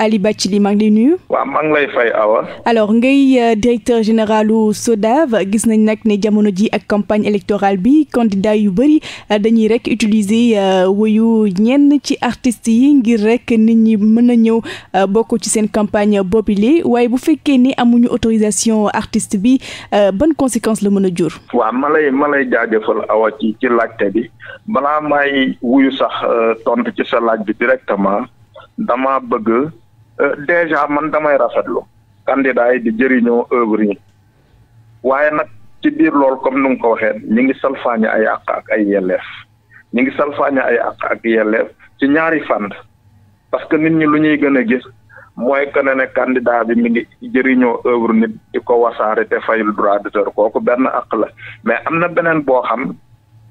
Ali Bathily maa ngi lay nuyu. waaw maa ngi lay fay awa. alors ngay euh, directeur généralu SODAV gis nañ nag ne jamono ji ak campagne électorale bi candidat yu bëri euh, dañuy rek utiliser euh, wuyu ñenn ci artiste yi ngir rek nit ñi mën a ñëw bokk ci seen campagne boobile waaye bu fekkee ni amuñu autorisation artiste bi ban conséquence la mën a jur. waaw ma lay ma lay jaajëfal awa ci ci laajte bi balaa may wuyu sax tontu ci sa laaj bi directement dama bëgg. Euh, déjà man damay rafetlu candidat yi di jëriñoo œuvre yi waaye nag ci biir loolu comme nu nga ko waxee ñu ngi salfaañe ay àq ak ay yelleef ñu ngi salfaañe ay àq ak yelleef ci ñaari fànn parce que nit ñi lu ñuy gën a gis mooy que ne ne candidat bi mi ngi jëriñoo œuvre nit di ko wasaare te fayul droit d'auteur kooku benn àq la mais am na beneen boo xam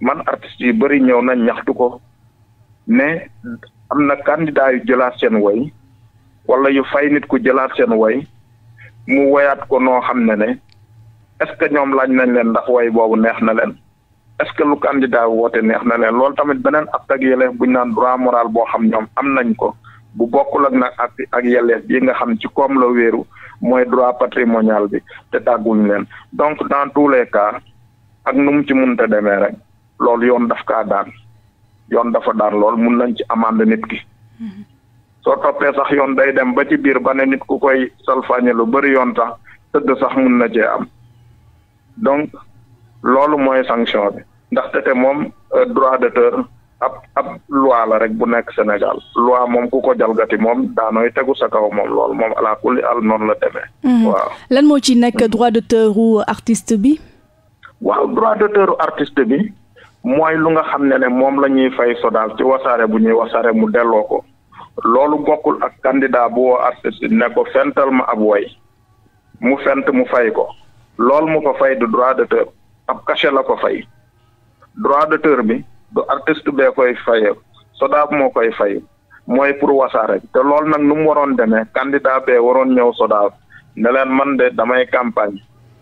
man artistes yi bëri ñëw na ñaxtu ko ne am na candidat yu jëlaat seen woy wala yu fay nit ku jëlaat seen woy mu woyaat ko noo xam ne ne est-ce que ñoom laaj nañ leen ndax woy boobu neex na leen est-ce que lu candidat woote neex na leen lool tamit beneen ak ak yelleef bu naan droit moral boo xam ñoom am nañ ko bu bokkul ak nag ak ak yelleef bii nga xam ci koom la wéeru mooy droit patrimonial bi te tàgguñ leen donc dans tous les ak nu mu ci munte demee rek loolu yoon daf kaa daan yoon dafa daan lool mun nañ ci amande nit ki mm-hmm. soo toppee sax yoon day dem ba ci biir ba ne nit ku koy salfaañe lu bari yoon sax tëdd sax mun na cee am donc loolu mooy sanction bi ndaxte te moom euh, droit d'auteur ab ab loi la rek bu nekk Sénégal loi moom ku ko jalgati moom daanoy tegu sa kaw moom loolu moom alaa kulli al noonu la deme mhm. waaw lan ci nekk droit d'auteur u artiste bi. waaw droit d'auteur u artist bi mooy lu nga xam ne ne moom la ñuy fay sodaal ci wasare bu ñuy wasaare mu delloo ko. loolu bokkul ak candidat bu woo artiste ne ko fental ma ab woy mu fent mu fay ko loolu mu ko fay du droit d'auteur ab cachet la ko fay droit d'auteur bi du artiste bee koy fayee sodaab moo koy fay mooy pour wasaare te loolu nag nu mu waroon demee candidat bee waroon ñëw sodaab ne leen man de damay campagne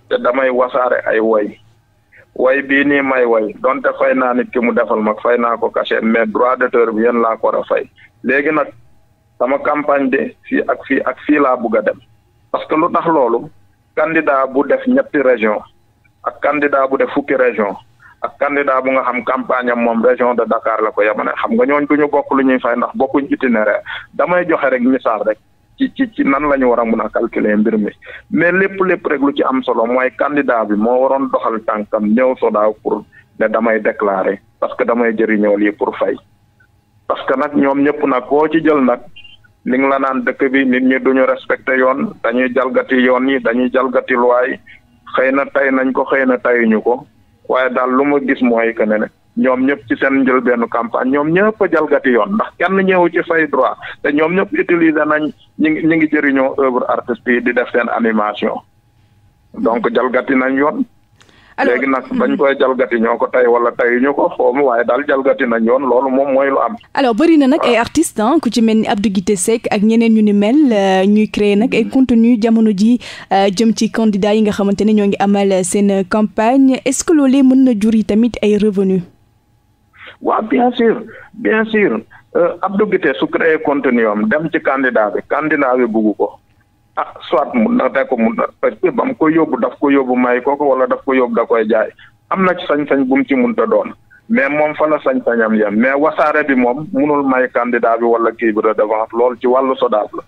te damay wasare ay woy way bii nii may way donte fay naa nit ki mu defal mak fay naa ko cachet mais droit d'auteur bi yéen la ko war a fay léegi nag sama campagne de fii ak fii ak fii laa bëgg a dem parce que lu tax loolu candidat bu def ñetti région ak candidat bu def fukki région ak candidat bu nga xam campagne moom région de Dakar la ko yemane xam nga ñooñ du bokk lu ñuy fay ndax bokkuñ itinéraire damay joxe rek misaal rek ci ci ci nan la ñu war a mun a calculer mbir mi mais lépp lépp rek lu ci am solo mooy candidat bi moo waroon doxal tànkam ñëw Sodav pour ne damay déclarer parce que damay jëriñoo lii pour fay parce que nag ñoom ñëpp nag koo ci jël nag li nga la naan dëkk bi nit ñi duñu respecté yoon dañuy jalgati yoon yi dañuy jalgati luwaay xëy na tey nañ ko xëy na ñu ko waaye daal lu ma gis mooy que ne ne ñoom ñëpp ci seen njëlbeenu campagne ñoom ñëpp a jalgati yoon ndax kenn ñëw ci fay droit te ñoom ñëpp utiliser nañ ñi ngi ñi ngi jëriñoo œuvre artistes yi di def seen animation donc jalgati nañ yoon alors léegi nag dañ hmm. koy jalgati ñoo ko tey wala tey ñu ko xawma waaye daal jalgati nañ yoon loolu moom mooy lu am. alors bëri na nag ah. ay artistes ku ci mel ni Abdou Guité Seck ak ñeneen ñu ni mel euh, ñuy créer nag ay contenu jamono ji euh, jëm ci candidat yi nga xamante ne ñoo ngi amal seen campagne est-ce que loolee mën na jur yi tamit ay revenus. waa bien sûr bien sûr euh, Abdou Guité su créer contenu am dem ci candidat bi candidat bi bugg ko. ah soit mu da ko mun parce bam ba mu ko yóbbu daf ko yóbbu may ko ko wala daf ko yóbbu da koy jaay am na ci sañ-sañ bu mu ci munta doon mais moom fa sañ-sañam yem mais wasaare bi moom munul may kandida bi wala kii bi redevance loolu ci wàllu sodaaf la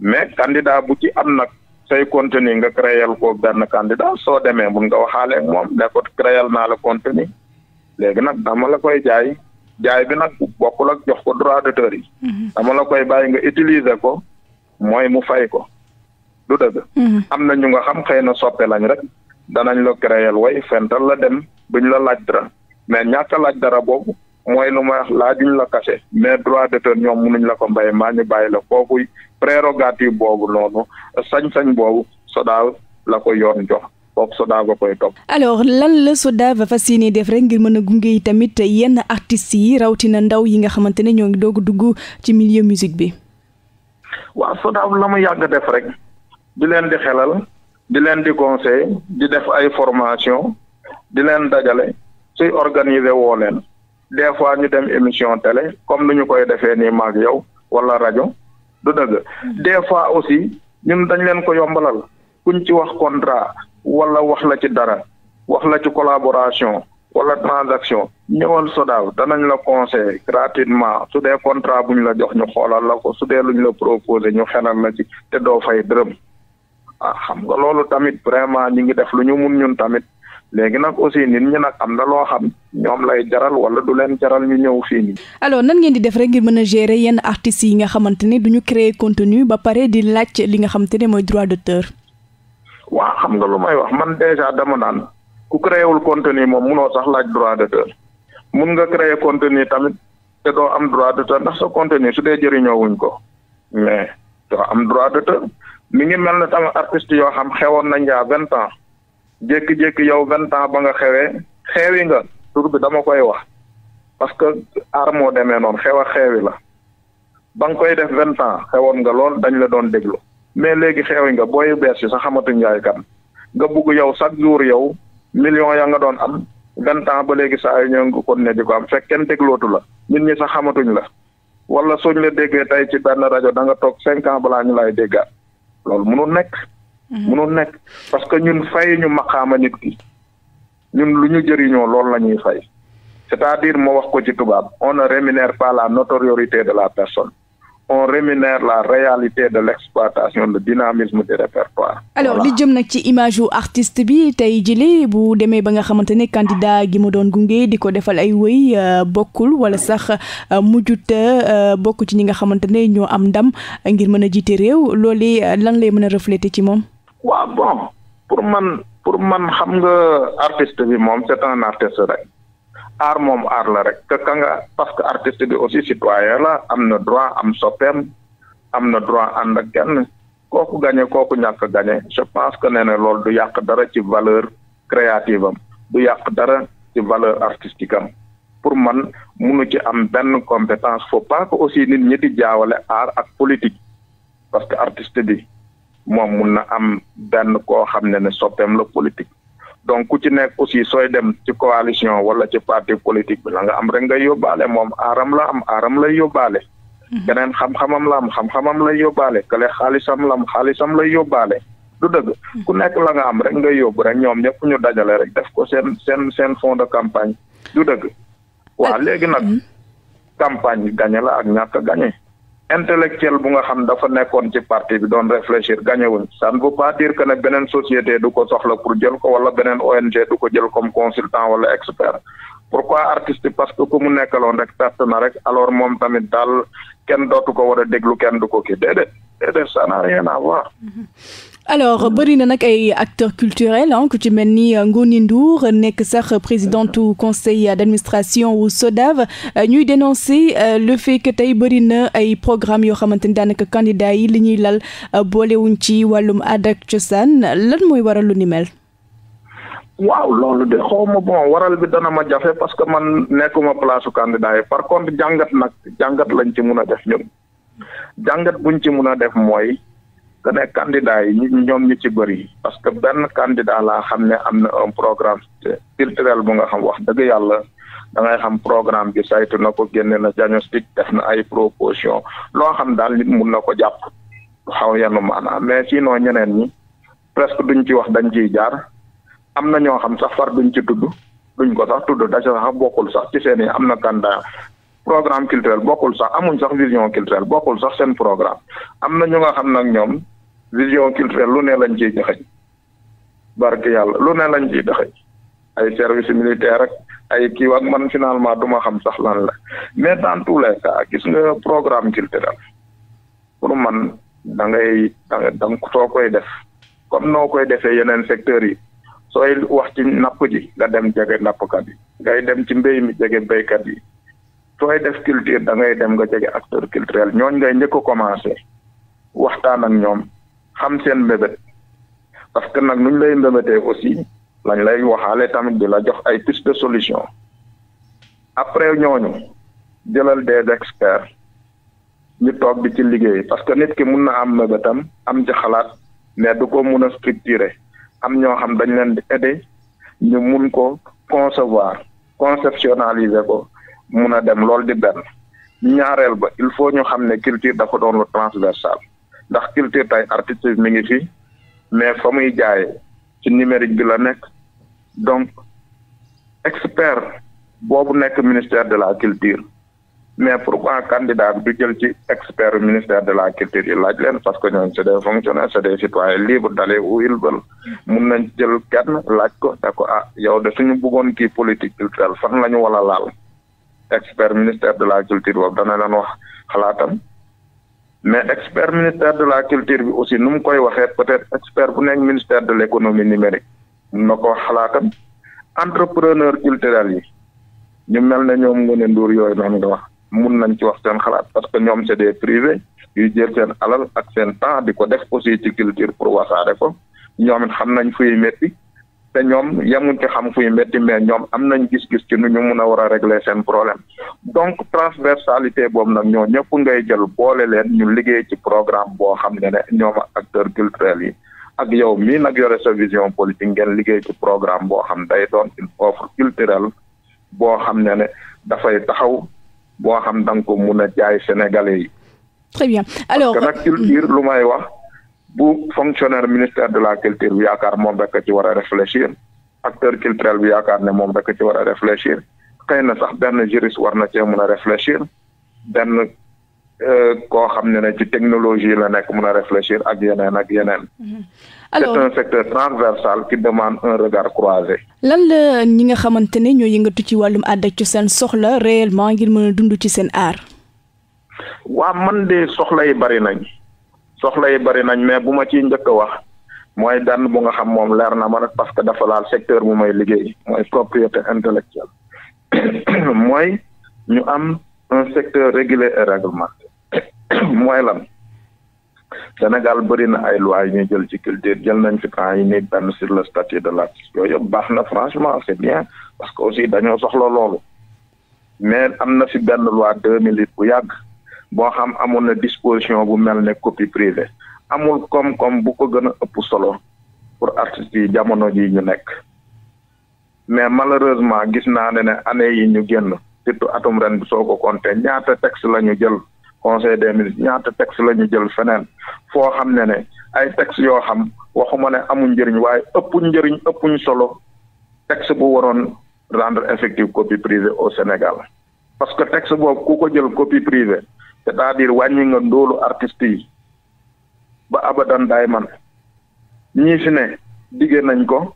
mais candidat bu ci am nag say contenu nga créel ko benn candidat soo demee mun nga waxaale ak moom ne ko créel naa la contenu léegi nag dama la koy jaay jaay bi nag bokkul ak jox ko droit d'auteur yi mhm. dama la koy bàyyi nga utiliser ko mooy mu fay ko du dëgg mm-hmm. am na ñu nga xam xëy na soppe lañ rek danañ la créer way fental la dem buñ la laaj dara mais ñàkk laaj dara boobu mooy lu ma wax laajuñ la kase mais droit d'auteur ñoom mënuñ la ko mbay maa ñu bàyyi la foofu prérogative boobu noonu sañ-sañ boobu Sodav la ko yoon jox kooku Sodav ba koy topp. alors lan la Sodav ba fas yéene def rek ngir mën a gunge tamit yenn artistes yi rawatina ndaw yi nga xamante ne ñoo ngi doog dugg ci milieu musique bi. waaw Sodav la di leen di xelal di leen di conseil di def ay formation di leen dajale suy organiser woo leen des fois ñu dem émission télé comme nu ñu koy defee nii maag yow wala rajo du dëgg des fois aussi ñun dañ leen ko yombalal kuñ ci wax contrat wala wax la ci dara wax la ci collaboration wala transaction ñëwal Sodav danañ la conseil gratuitement su dee contrat bu la jox ñu xoolal la ko su dee ñu la proposé ñu xelal la ci te doo fay dërëm ah xam nga loolu tamit vraiment ñi ngi def lu ñu mun ñun tamit léegi nag aussi nit ñi nag am na loo xam ñoom lay jaral wala du leen jaral ñu ñëw fii nii. alors nan ngeen di def rek ngir mën a gérer yenn artistes yi nga xamante ne du ñu créer contenu ba pare di laaj li nga xamante ne mooy droit d'auteur. waa xam nga lu may wax man déjà dama naan ku créé wul contenu moom munoo sax laaj droit d'auteur mun nga créer contenu tamit te doo am droit d'auteur ndax sa contenu su dee jëriñoo wuñ ko mais doo am mi ngi mel ne tamit artiste yoo xam xewoon nañ yaa vingt ans jékki-jékki yow vingt ans ba nga xewee xewi nga tur bi dama koy wax parce que aar moo demee noonu xew a xewi la ba nga koy def vingt ans xewoon nga lool dañ la doon déglu mais léegi xewi nga booyu bees yi sax xamatuñ yaay kan nga bugg yow chaque jour yow million ya nga doon am vingt ans ba léegi sax yu ñëw nga kon ne di ko am fekk kenn déglootu la nit ñi sax xamatuñ la wala suñ la déggee tey ci benn rajo da nga toog cinq ans balaa ñu lay déggaat loolu mënul nekk. Mhm. mënul nekk parce que ñun fay ñu maqaama nit ki ñun lu ñu jëriñoo loolu la ñuy fay c'est-à-dire moo wax ko ci tubaab on ne rémunère la notoriété de la personne. on rémunère la li jëm nag ci image wu artist bi tey jili bu demee ba nga xamante ne candidat gi mu doon gunge di ko defal ay wëy euh, bokkul wala sax euh, mujjuta euh, bokk ci ñi nga xamante ne ñoo am ndam ngir mën a jiite réew loolu lan lay mën a refléter ci moom. waaw bon pour man xam nga artiste bi moom c'est un rek. aar moom aar la rek ka nga parce que artiste bi aussi citoyen la am na droit am soppeem am na droit ànd ak kenn kooku gañe kooku ñàkk gañe je pense que nee na loolu du yàq dara ci valeur créative am du yàq dara ci valeur artistique am pour man munu ci am benn compétence faut pas aussi ni ñi di jaawale art ak politique parce que artiste bi moom mun na am benn koo xam ne ne soppeem la politique donc ku ci nekk aussi sooy dem ci coalition wala ci parti politique bi la nga am rek nga yóbbaale moom aaram la am aram lay yóbbaale. Mhm. keneen xam-xamam la am xam-xamam lay yóbbaale kële xaalisam la xaalisam lay yóbbaale. du dëgg mhm. ku nekk la nga am rek nga yóbbu rek ñoom ñëpp ñu dajale rek def ko seen seen seen fond de campagne du dëgg. waa léegi nag mhm. campagne gañe la ak ñàkk gañe intellectuel bu nga xam dafa nekkoon ci parti don doon réfléchir gagné wuñ ça ne veut pas dire beneen société du ko soxla pour jël ko wala beneen ONG du ko jël comme consultant wala expert pourquoi artiste parce que ku mu nekkaloon rek perte na rek alors moom tamit dal kenn dootu ko war a déglu kenn du ko kii déedéet déedéet ça n'a rien alors bëri na nag ay acteurs culturels ku ci mel ni euh, Ngoni Ndour nekk sax présidente du conseil d'administration wu SODAV euh, ñuy dénoncer euh, le fait que tey bëri na ay programmes yoo xamante ni daanaka candidats yi li ñuy lal boolewuñ ci wàllum aada cosaan lan mooy waral lu ni mel. waaw loolu de xaw bon waral bi dana ma jafe parce que man nekkuma place su candidat yi par contre jàngat nag jàngat lañ ci mun a def ñun jàngat buñ ci mun a def mooy. que ne candidat yi ñoom ñu ci bëri parce que benn candidat laa xam ne am na un programme culturel bu nga xam wax dëgg yàlla dangay xam programme bi saytu na ko génne na diagnostic def na ay proposition loo xam daal nit mun na ko jàpp xaw yenn maanaam mais sinon ñeneen ñi presque duñ ci wax dañ ciy jaar am na ñoo xam sax far duñ ci tudd duñ ko sax tudd daca sax bokkul sax ci seen yi am na candidat programme culturel bokkul sax amuñ sax vision culturelle bokkul sax seen programme am na ñu nga xam nag ñoom vision culturelle lu ne lañ ciy joxe barke yàlla lu ne lañ ciy joxe ay service militaire ak ay kii ak man finalement duma xam sax lan la mais dans tous les cas gis nga programme culturel pour man da ngay da nga soo koy def comme noo koy defee yeneen secteur yi sooy wax ci napp ji nga dem jege nappkat yi ngay dem ci mbéy mi jege béykat yi sooy def culture da ngay dem nga jege acteur culturel ñooñ ngay njëkk a commencé waxtaan ak ñoom xam seen mbébét parce que nag nuñ lay mbébétee aussi lañ lay waxaale tamit di la jox ay piste de solution après ñooñu jëlal des experts ñu toog di ci liggéey parce que nit ki mun na am mbébétam am ci xalaat mais du ko mun a structurer am ñoo xam dañ leen di aider ñu mun ko concevoir conceptualiser ko mun a dem lool di benn ñaareel ba il faut ñu xam ne culture dafa doon lu transversal ndax culture tay artiste bi mi ngi fi mais fa muy jaay ci numérique bi la nekk donc expert boobu nekk ministère de la culture mais pourquoi candidat bi du jël ci expert ministère de la culture yi laaj leen parce que ñoom c'est des fonctionnaires c'est des citoyens libres d'aller où ils veulent mun nañ jël kenn laaj ko ne ko ah yow de suñu bëggoon kii politique culturelle fan la ñu wala laal expert ministère de la culture boobu dana leen wax xalaatam mais expert ministère de la culture bi aussi nu mu koy waxee peut-être expert bu nekk ministère de l'économie numérique na ko xalaatam entrepreneur culturel yi ñu mel ne ñoom nga ne Ndour yooyu noonu nga wax mun nañ ci wax seen xalaat parce que ñoom c'est des privés yuy jël seen alal ak seen temps di ko def aussi ci culture pour wasaare ko ñoom it xam nañ fuy métti te ñoom yemuñ ci xam fuy métti mais ñoom am nañ gis-gis ci nu ñu mun a war a régler seen problème donc transversalité boobu nag ñoo ñëpp ngay jël boole leen ñu liggéey ci programme boo xam ne ne ñoom acteurs culturels yi ak yow mii nag yore sa vision politique ngeen liggéey ci programme boo xam day doon une offre culturelle boo xam ne ne dafay taxaw boo xam da ko mun a jaay sénégalais yi. très bien alors parce euh, lu may wax. bu fonctionnaire ministère de la culture bi yaakaar moom rek a ci war a réfléchir acteur culturel bi yaakaar ne moom rek ci war a réfléchir xëy na sax benn juriste war na cee mun a réfléchir benn euh, koo xam ne ne ci technologie la nekk mun a réfléchir ak yeneen ak yeneen. Mm-hmm. alors c'est un secteur transversal qui demande un regard croisé. lan ñi nga xamante ne ñoo yëngatu ci wàllum aada ci seen soxla réellement ngir mën a dund ci seen aar. waa man de soxla yi bari nañ. soxla yi bari nañ mais bu ma ciy njëkk a wax mooy benn bu nga xam moom leer na ma rek parce que dafa laal secteur bu may liggéey mooy propriété intellectuelle mooy ñu am un secteur régulé et réglementé mooy lan Sénégal bëri na ay lois yu ñuy jël ci culture jël nañ fi temps yi ni benn sur le statut de l'artiste yooyu yëpp baax na franchement c'est bien parce que aussi dañoo soxla loolu mais am na fi benn loi deux mille bu yàgg boo xam amoon na disposition bu mel ne copie privée amul koom-koom bu ko gën a ëpp solo pour artistes yi jamono ji ñu nekk mais malheureusement gis naa ne ne année yi ñu génn surtout atum ren bi soo ko compté ñaata texte la ñu jël conseil des ministres ñaata texte la ñu jël feneen foo xam ne ne ay texte yoo xam waxuma ne amuñ njëriñ waaye ëppuñ njëriñ ëppuñ solo texte bu waroon rendre effective copie privée au Sénégal parce que texte boobu ku ko jël copie privée c'est-à-dire wàññi nga ndóolu artistes yi ba abadan daay man ñii fi ne digge nañ ko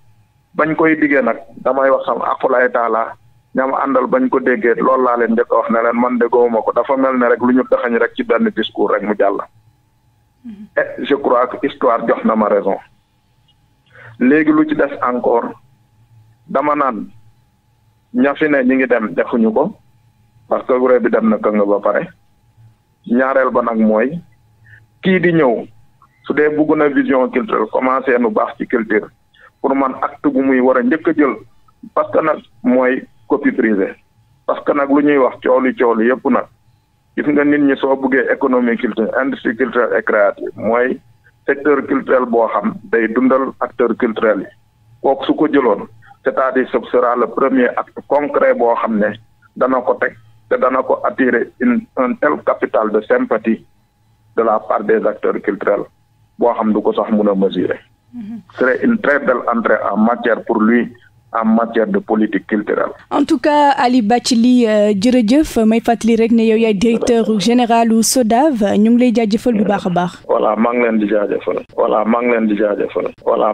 bañ koy digge nag damay wax sam akulaay taalaa ñam àndal bañ ko déggee loolu laa leen njëkk wax ne leen man de gowuma ko dafa mel ne rek lu ñu daxañ rek ci benn discours rek mu jàll. Mm-hmm. et je crois que histoire jox na ma raison léegi lu ci des encore dama naan ña fi ne ñi ngi dem defuñu ko parce que wuré bi dem na kë nga ba pare. ñaareel ba nag mooy kii di ñëw su dee bugg na vision culturelle commencé nu baax ci culture pour man acte bu muy war a njëkk a jël parce que nag mooy copie privée parce que nag lu ñuy wax coolu coolu yëpp nag gis nga nit ñi soo buggee économie culture industrie culturelle et créative mooy secteur culturel boo xam day dundal acteur culturel yi kooku su ko jëloon c'est-à-dire ce sera le premier acte concret boo xam ne dana ko teg te dana ko attirer une un capitale capital de sympathie de la part des acteurs culturels boo xam du ko sax mun a mesurer. Mhm. c'est une très belle entrée en matière pour lui. en matière de politique culturelle. en tout cas Ali Bathily euh, jërëjëf may fàttali rek ne yow yaay directeur général u SODAV ñu lay jaajëfal bu baax a baax. voilà maa ngi leen di jaajëfal. voilà maa ngi leen di jaajëfal. voilà.